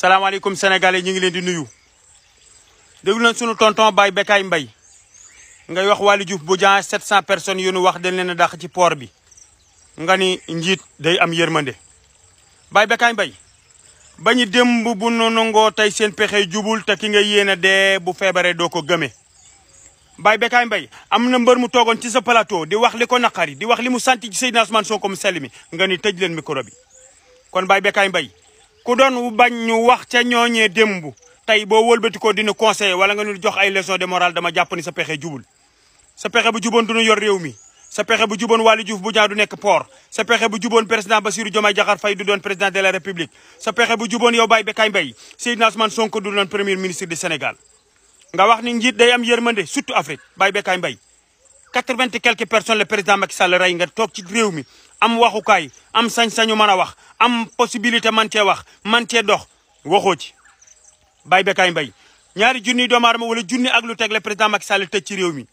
salaamaaleykum sénégalais ñu ngi leen di nuyu déglu na sunu tonton Baye Bécaye Mbaye ngay wax Waly Diouf Bodian 700 personnes yu nu wax dañ leen a dàq ci port bi nga ni njiit day am yërmande Baye Bécaye Mbaye bañu démb bu nu nangoo tey seen pexe jubul te ki nga yéene dee bu feebaree doo ko gëmee Baye Bécaye Mbaye am na mbër mu toogoon ci sa plateau di wax li ko naqari di wax li mu sant ci Seydina Ousmane Sonko mu sell mi nga ni tëj leen micro bi kon baay Bécaye Mbaye ku doon bañ ñu wax ca dem démb tey boo wëlbatikoo dina conseiller wala nga ñu jox ay leçon de morale dama jàpp ni sa pexe jubul sa pexe bu juboon duñu yor réew mi sa pexe bu juboon Waly bu Bodiang du nekk port sa pexe bu juboon président Bassirou Diomaye Diakhar Faye du doon président de la république sa pexe bu juboon yow Baye Bekaay Mbaye Seydina Ousmane Sonko du doon premier ministre de Sénégal nga wax ni njiit day am yërmande surtout Afrique Baye Bekaay Mbaye quatre-vingt et quelques personnes le président Macky Sall rey nga toog ci réew mi am waxukaay am sañ-sañu mën a wax am possibilité man cee wax man cee dox waxoo ci bay bekaay mbay ñaari junniy doomu aadama wala junni ak lu teg le président Macky Sall tëj ci réew mi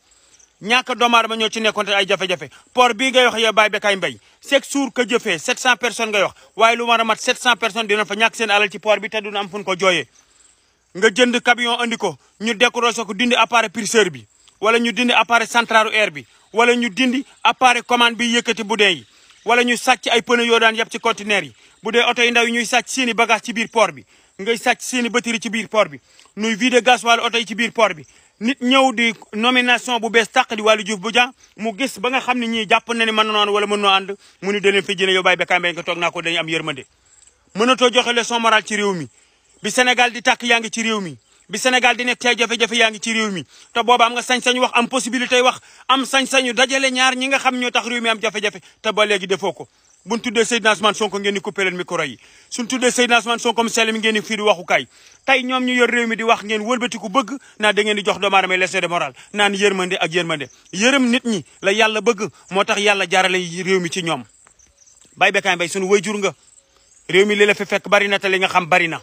ñàkk doomu aadama ñoo ci nekkoon te ay jafe-jafe port bii ngay wax yow Baye Bekaay Mbay chaque jour que jëfee 700 personnes ngay wax waaye lu war a mat 700 personne dina fa ñàkk seen alal ci bi te duñu am fu ñu ko jooyee. nga jënd camion ko ñu décroché ko dindi appareil pêcheur bi wala ñu dindi appareil centralu air bi wala ñu dindi appareil commande bi yëkkati bu dee yi wala ñu sàcc ay pneu yoo daan yëpp ci conteneur yi bu dee oto yi ndaw yi ñuy sàcc seeni ci biir port bi ngay sàcc seeni batterie ci biir port bi nuy vide gasoil oto yi ci biir port bi nit ñëw di nomination bu bees tàq di Waly Diouf Bodiang mu gis ba nga xam ne ñii jàpp na ne mën noonu wala mën noo ànd mu ni daleen fi jëne yow bàyyi Bécaye Mbaye nga toog naa ko dañu am yërmande mënatoo joxe leçon ci réew mi bi Sénégal di tàkk yaa ngi ci réew mi bi Sénégal di nekk ci jafe-jafe yaa ngi ci réew mi te booba am nga sañ-sañ wax am possibilité wax am sañ-sañu dajale ñaar ñi nga xam ñoo tax réew mi am jafe-jafe te ba léegi defoo ko buñ tuddee Seydina Ousmane Sonko ngeen ni coupé leen micro yi suñ tuddee Seydina Ousmane Sonko mu sell mi ngeen ni fii di waxukaay tey ñoom ñu yor réew mi di wax ngeen ku bëgg na da ngeen di jox doomu aadama leçon de morale naan yërmande ak yërmande yërëm nit ñi la yàlla bëgg moo tax yàlla jaarale réew mi ci ñoom bay bekaay bay suñu wayjur nga réew mi li la fi fekk bari na te li nga xam bari na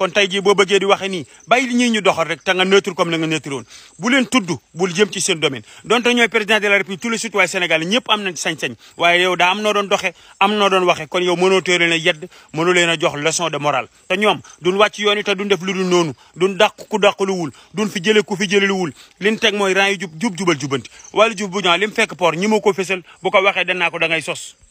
kon tey jii boo bëggee di waxe nii bàyyi li ñuy ñu doxal rek te nga neutre comme la neutre woon bu leen tudd bul jëm ci seen domaine donte ñooy président de la république tous les citoyens sénégalais ñëpp am nañ sañ-sañ waaye yow daa am noo doon doxe am noo doon waxe kon yow mënoo téere leen a yedd mënoo leen a jox leçon de morale te ñoom duñ wàcc yoon yi te duñ def lu noonu duñ dàq ku wul duñ fi jële ku fi jëleluwul lin teg mooy ran yi jub jub jubal jubanti wala jub bu ñaa li mu fekk port ko fësal bu ko waxee danaa ko da sos